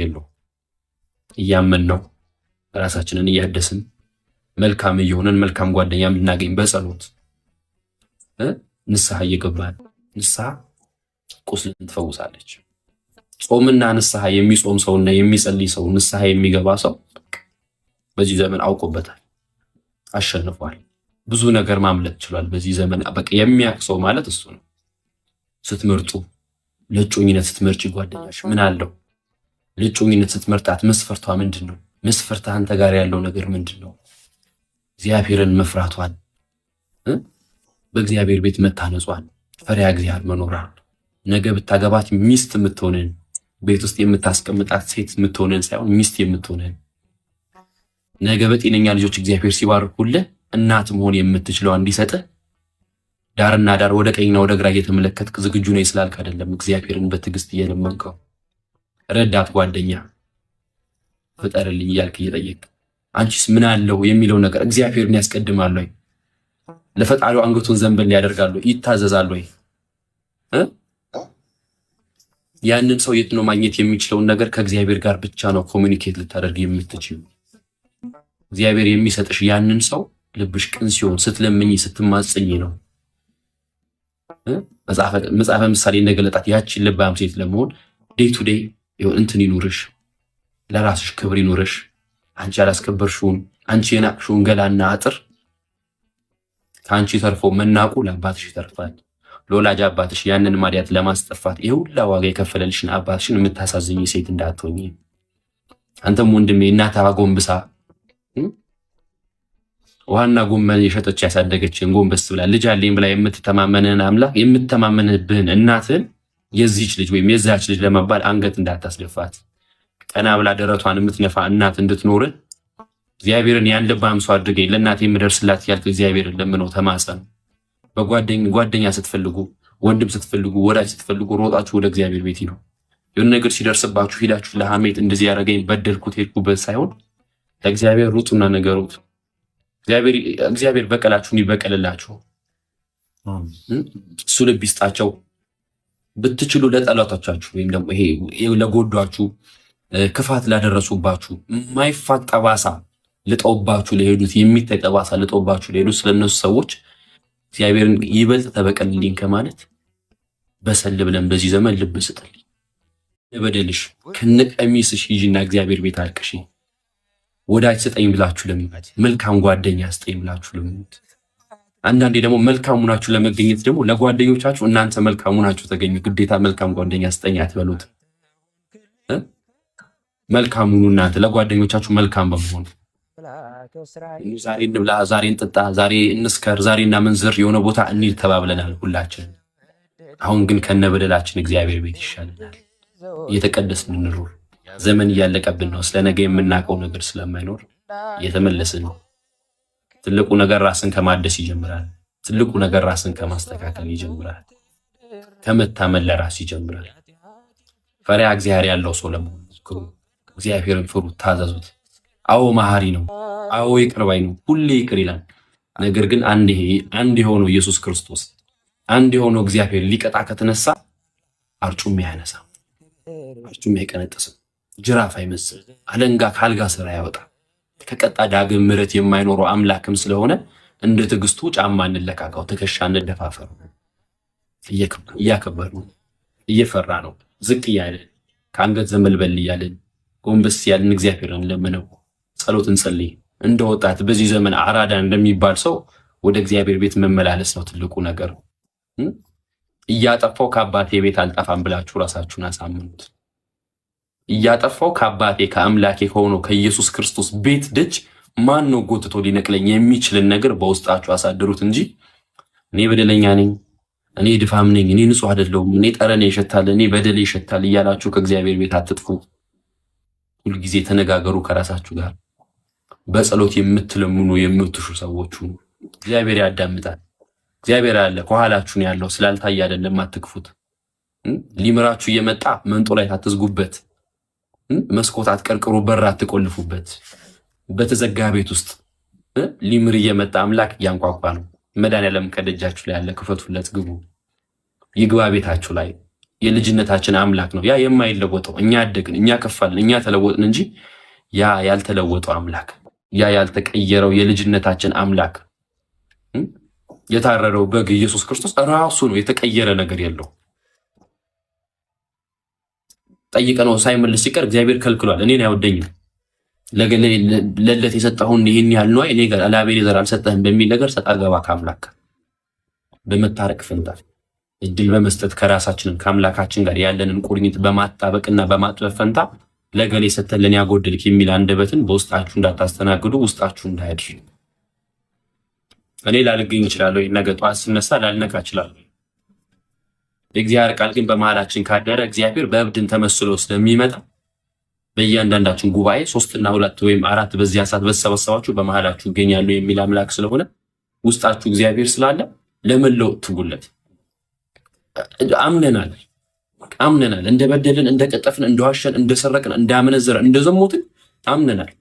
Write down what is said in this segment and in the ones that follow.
የለው። እያመን ነው ራሳችንን እያደስን መልካም እየሆነን መልካም ጓደኛ የምናገኝ በጸሎት ንስሐ እየገባን ንስሐ ቁስልን ትፈውሳለች። ጾምና ንስሐ የሚጾም ሰውና የሚጸልይ ሰው ንስሐ የሚገባ ሰው በዚህ ዘመን አውቆበታል፣ አሸንፏል። ብዙ ነገር ማምለት ችሏል። በዚህ ዘመን በቃ የሚያውቅ ሰው ማለት እሱ ነው። ስትመርጡ ለእጮኝነት ስትመርጭ ጓደኛሽ ምን አለው? ልጩኝነት ስትመርጣት መስፈርቷ ምንድን ነው? መስፈርት አንተ ጋር ያለው ነገር ምንድን ነው? እግዚአብሔርን መፍራቷን፣ በእግዚአብሔር ቤት መታነጿን፣ ፈሪያ እግዚአብሔር መኖሯን፣ ነገ ብታገባት ሚስት የምትሆንን ቤት ውስጥ የምታስቀምጣት ሴት የምትሆንን ሳይሆን ሚስት የምትሆንን ነገ በጤነኛ ልጆች እግዚአብሔር ሲባርኩልህ እናት መሆን የምትችለው እንዲሰጥ ዳርና ዳር ወደ ቀኝና ወደ ግራ እየተመለከትክ ዝግጁ ነኝ ስላልክ አይደለም። እግዚአብሔርን በትዕግስት እየለመንከው ረዳት ጓደኛ ፍጠርልኝ እያልክ እየጠየቅ አንቺስ ምን አለው የሚለው ነገር እግዚአብሔርን ያስቀድማል ወይ? ለፈጣሪው አንገቱን ዘንበል ያደርጋሉ ወይ? ይታዘዛል ወይ? ያንን ሰው የት ነው ማግኘት የሚችለውን ነገር ከእግዚአብሔር ጋር ብቻ ነው ኮሚኒኬት ልታደርግ የምትችል። እግዚአብሔር የሚሰጥሽ ያንን ሰው ልብሽ ቅን ሲሆን ስትለምኝ ስትማጽኝ ነው። መጽሐፈ ምሳሌ እንደገለጣት ያችን ልባም ሴት ለመሆን ዴይ ቱ ዴይ ይሁን እንትን ይኑርሽ፣ ለራስሽ ክብር ይኑርሽ። አንቺ ያላስከበርሽውን አንቺ የናቅሽውን ገላና አጥር ከአንቺ ተርፎ መናቁ ለአባትሽ ይተርፋል። ለወላጅ አባትሽ ያንን ማዲያት ለማስጠፋት የሁላ ዋጋ የከፈለልሽን አባትሽን የምታሳዝኝ ሴት እንዳትሆኝ። አንተም ወንድሜ እናት ጎንብሳ ውሃና ጎመን የሸጠች ያሳደገችን ጎንበስ ብላ ልጅ አለኝ ብላ የምትተማመንህን አምላክ የምትተማመንብህን እናትህን የዚህች ልጅ ወይም የዚያች ልጅ ለመባል አንገት እንዳታስደፋት፣ ቀና ብላ ደረቷን የምትነፋ እናት እንድትኖር እግዚአብሔርን ያን ልብ አምሶ አድርገኝ ለእናት የምደርስላት ያልክ እግዚአብሔርን ለምነው ተማጸኑ። በጓደኛ ስትፈልጉ፣ ወንድም ስትፈልጉ፣ ወዳጅ ስትፈልጉ ሮጣችሁ ወደ እግዚአብሔር ቤት ነው። የሆነ ነገር ሲደርስባችሁ ሂዳችሁ ለሐሜት እንደዚህ ያደረገኝ በደልኩት ሄድኩበት ሳይሆን ለእግዚአብሔር ሩጡና ነገሩት። እግዚአብሔር በቀላችሁን ይበቀልላችሁ። እሱ ልብ ይስጣቸው። ብትችሉ ለጠላቶቻችሁ ወይም ደግሞ ይሄ ለጎዷችሁ፣ ክፋት ላደረሱባችሁ፣ የማይፋቅ ጠባሳ ልጠውባችሁ ለሄዱት የሚታይ ጠባሳ ልጠውባችሁ ለሄዱት ስለነሱ ሰዎች እግዚአብሔርን ይበልጥ ተበቀልልኝ ከማለት በሰል ብለን በዚህ ዘመን ልብ ስጥል በደልሽ ከነቀሚስሽ ይዥና እግዚአብሔር ቤት አልቅሽ ወዳጅ ስጠኝ ብላችሁ ለምኑት። መልካም ጓደኛ ስጠኝ ብላችሁ ለምኑት። አንዳንዴ ደግሞ መልካሙ ናችሁ ለመገኘት ደግሞ ለጓደኞቻችሁ እናንተ መልካሙ ናችሁ ተገኙ። ግዴታ መልካም ጓደኛ ስጠኝ አትበሉት። መልካም ሁኑ እናንተ ለጓደኞቻችሁ መልካም በመሆኑ ዛሬ እንብላ፣ ዛሬ እንጥጣ፣ ዛሬ እንስከር፣ ዛሬ እናመንዝር፣ የሆነ ቦታ እንሂድ ተባብለናል ሁላችን። አሁን ግን ከነበደላችን እግዚአብሔር ቤት ይሻልናል። እየተቀደስን እንኑር። ዘመን እያለቀብን ነው። ስለ ነገ የምናውቀው ነገር ስለማይኖር እየተመለስን ነው። ትልቁ ነገር ራስን ከማደስ ይጀምራል። ትልቁ ነገር ራስን ከማስተካከል ይጀምራል። ከመታመን ለራስ ይጀምራል። ፈሪያ እግዚአብሔር ያለው ሰው ለመሆን ሞክሩ። እግዚአብሔርን ፍሩ፣ ታዘዙት። አዎ መሐሪ ነው። አዎ ይቅር ባይ ነው። ሁሌ ይቅር ይላል። ነገር ግን አንድ የሆነው ኢየሱስ ክርስቶስ አንድ የሆነው እግዚአብሔር ሊቀጣ ከተነሳ አርጩም አያነሳም፣ አርጩም አይቀነጥስም፣ ጅራፍ አይመስል አለንጋ ከአልጋ ስራ ያወጣል። ከቀጣ ዳግም ምረት የማይኖረው አምላክም ስለሆነ እንደ ትዕግስቱ ጫማ እንለካካው፣ ትከሻ እንደፋፈር። እያከበር እየፈራ ነው፣ ዝቅ እያለን ከአንገት ዘመልበል እያለን ጎንበስ ያለን እግዚአብሔር ለምነው፣ ጸሎት እንጸልይ። እንደ ወጣት በዚህ ዘመን አራዳ እንደሚባል ሰው ወደ እግዚአብሔር ቤት መመላለስ ነው ትልቁ ነገር። እያጠፋው ከአባቴ ቤት አልጠፋም ብላችሁ ራሳችሁን አሳምኑት። እያጠፋው ከአባቴ ከአምላኬ ከሆነው ከኢየሱስ ክርስቶስ ቤት ደጅ ማን ነው ጎትቶ ሊነቅለኝ የሚችልን ነገር በውስጣችሁ አሳድሩት እንጂ እኔ በደለኛ ነኝ፣ እኔ ድፋም ነኝ፣ እኔ ንጹህ አይደለሁም፣ እኔ ጠረኔ ይሸታል፣ እኔ በደል ይሸታል እያላችሁ ከእግዚአብሔር ቤት አትጥፉ። ሁልጊዜ ተነጋገሩ ከራሳችሁ ጋር። በጸሎት የምትለምኑ የምትሹ ሰዎች ሁኑ። እግዚአብሔር ያዳምጣል። እግዚአብሔር አለ፣ ከኋላችሁ ያለው። ስላልታየ አይደለም አትክፉት። ሊምራችሁ እየመጣ መንጦ ላይ ታትዝጉበት። መስኮት አትቀርቅሩ፣ በር አትቆልፉበት። በተዘጋ ቤት ውስጥ ሊምር እየመጣ አምላክ እያንቋቋ ነው። መድኃኒዓለም ከደጃችሁ ላይ ያለ ክፈቱለት፣ ግቡ፣ ይግባ ቤታችሁ ላይ። የልጅነታችን አምላክ ነው ያ የማይለወጠው። እኛ አደግን፣ እኛ ከፋልን፣ እኛ ተለወጥን እንጂ ያ ያልተለወጠው አምላክ፣ ያ ያልተቀየረው የልጅነታችን አምላክ፣ የታረረው በግ ኢየሱስ ክርስቶስ ራሱ ነው። የተቀየረ ነገር የለው ጠይቀ ነው ሳይመልስ ሲቀር እግዚአብሔር ከልክሏል። እኔን አይወደኝም ለለት የሰጠሁን ይህን ያህል ነዋ እኔ ጋር አላቤል ዘር አልሰጠህም በሚል ነገር ሰጣ ገባ ከአምላክ በመታረቅ ፈንታ እድል በመስጠት ከራሳችንን ከአምላካችን ጋር ያለንን ቁርኝት በማጣበቅና በማጥበብ ፈንታ ለገሌ ሰተን ለእኔ ያጎደልክ የሚል አንደበትን በውስጣችሁ እንዳታስተናግዱ ውስጣችሁ እንዳያድር እኔ ላልገኝ እችላለሁ። ነገ ጠዋት ስነሳ ላልነቃ እችላለሁ። የእግዚአብሔር ቃል ግን በመሃላችን ካደረ እግዚአብሔር በእብድን ተመስሎ ስለሚመጣ በእያንዳንዳችን ጉባኤ ሶስትና ሁለት ወይም አራት በዚያ ሰዓት በተሰበሰባችሁ በመሃላችሁ ይገኛሉ የሚል አምላክ ስለሆነ ውስጣችሁ እግዚአብሔር ስላለ ለመለወጥ ትጉለት። አምነናል አምነናል እንደበደልን፣ እንደቀጠፍን፣ እንደዋሸን፣ እንደሰረቅን፣ እንዳመነዘረ እንደዘሞትን አምነናል።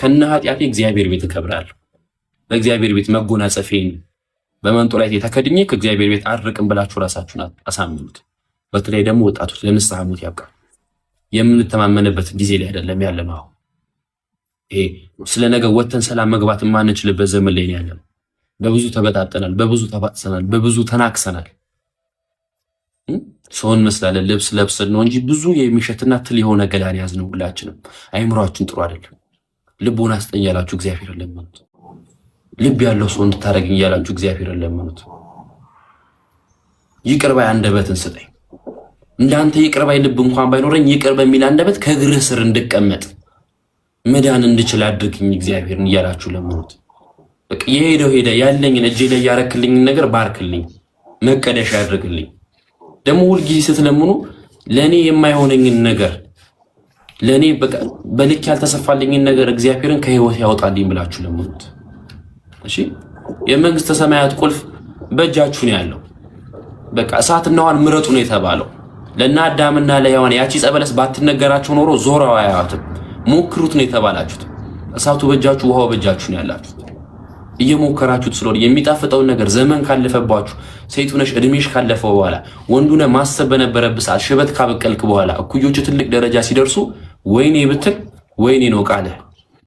ከነ ኃጢአቴ እግዚአብሔር ቤት እከብራለሁ። በእግዚአብሔር ቤት መጎናጸፌን በመንጦ ላይ የተከድኜ ከእግዚአብሔር ቤት አርቅም ብላችሁ ራሳችሁን አሳምኑት። በተለይ ደግሞ ወጣቶች ለንስሐ ሞት የምንተማመንበት ጊዜ ላይ አይደለም ያለም። አሁን ይሄ ስለ ነገ ወተን ሰላም መግባት የማንችልበት ዘመን ላይ ያለም። በብዙ ተበጣጠናል፣ በብዙ ተባጥሰናል፣ በብዙ ተናክሰናል። ሰው እንመስላለን ልብስ ለብሰን ነው እንጂ ብዙ የሚሸትና ትል የሆነ ገላን ያዝነው ሁላችንም። አይምሯችን ጥሩ አይደለም። ልቦን ስጠኝ ያላችሁ እግዚአብሔር ለመኑት። ልብ ያለው ሰው እንድታደርግኝ እያላችሁ እግዚአብሔርን ለምኑት። ይቅር ባይ አንደበትን ስጠኝ። እንዳንተ ይቅር ባይ ልብ እንኳን ባይኖረኝ ይቅር በሚል አንደበት ከእግር ስር እንድቀመጥ መዳን እንድችል አድርግኝ እግዚአብሔርን እያላችሁ ለምኑት። በቃ የሄደው ሄደ። ያለኝን እጄ ላይ ያረክልኝን ነገር ባርክልኝ፣ መቀደሻ ያድርግልኝ። ደግሞ ሁልጊዜ ስትለምኑ ለእኔ የማይሆነኝን ነገር ለእኔ በልክ ያልተሰፋልኝን ነገር እግዚአብሔርን ከህይወት ያወጣልኝ ብላችሁ ለምኑት። እሺ የመንግስተ ሰማያት ቁልፍ በእጃችሁ ነው ያለው። በቃ እሳትና ውሃን ምረጡ ነው የተባለው። ለእነ አዳምና ለሔዋን ያቺ ጸበለስ ባትነገራቸው ኖሮ ዞረው አያዩትም። ሞክሩት ነው የተባላችሁት። እሳቱ በእጃችሁ፣ ውሃው በእጃችሁ ነው ያላችሁት። እየሞከራችሁት ስለሆነ የሚጣፍጠውን ነገር ዘመን ካለፈባችሁ፣ ሴት ሆነሽ እድሜሽ ካለፈ በኋላ ወንዱነ ማሰብ በነበረብህ ሰዓት ሽበት ካበቀልክ በኋላ እኩዮቹ ትልቅ ደረጃ ሲደርሱ ወይኔ ብትል ወይኔ ነው ቃልህ።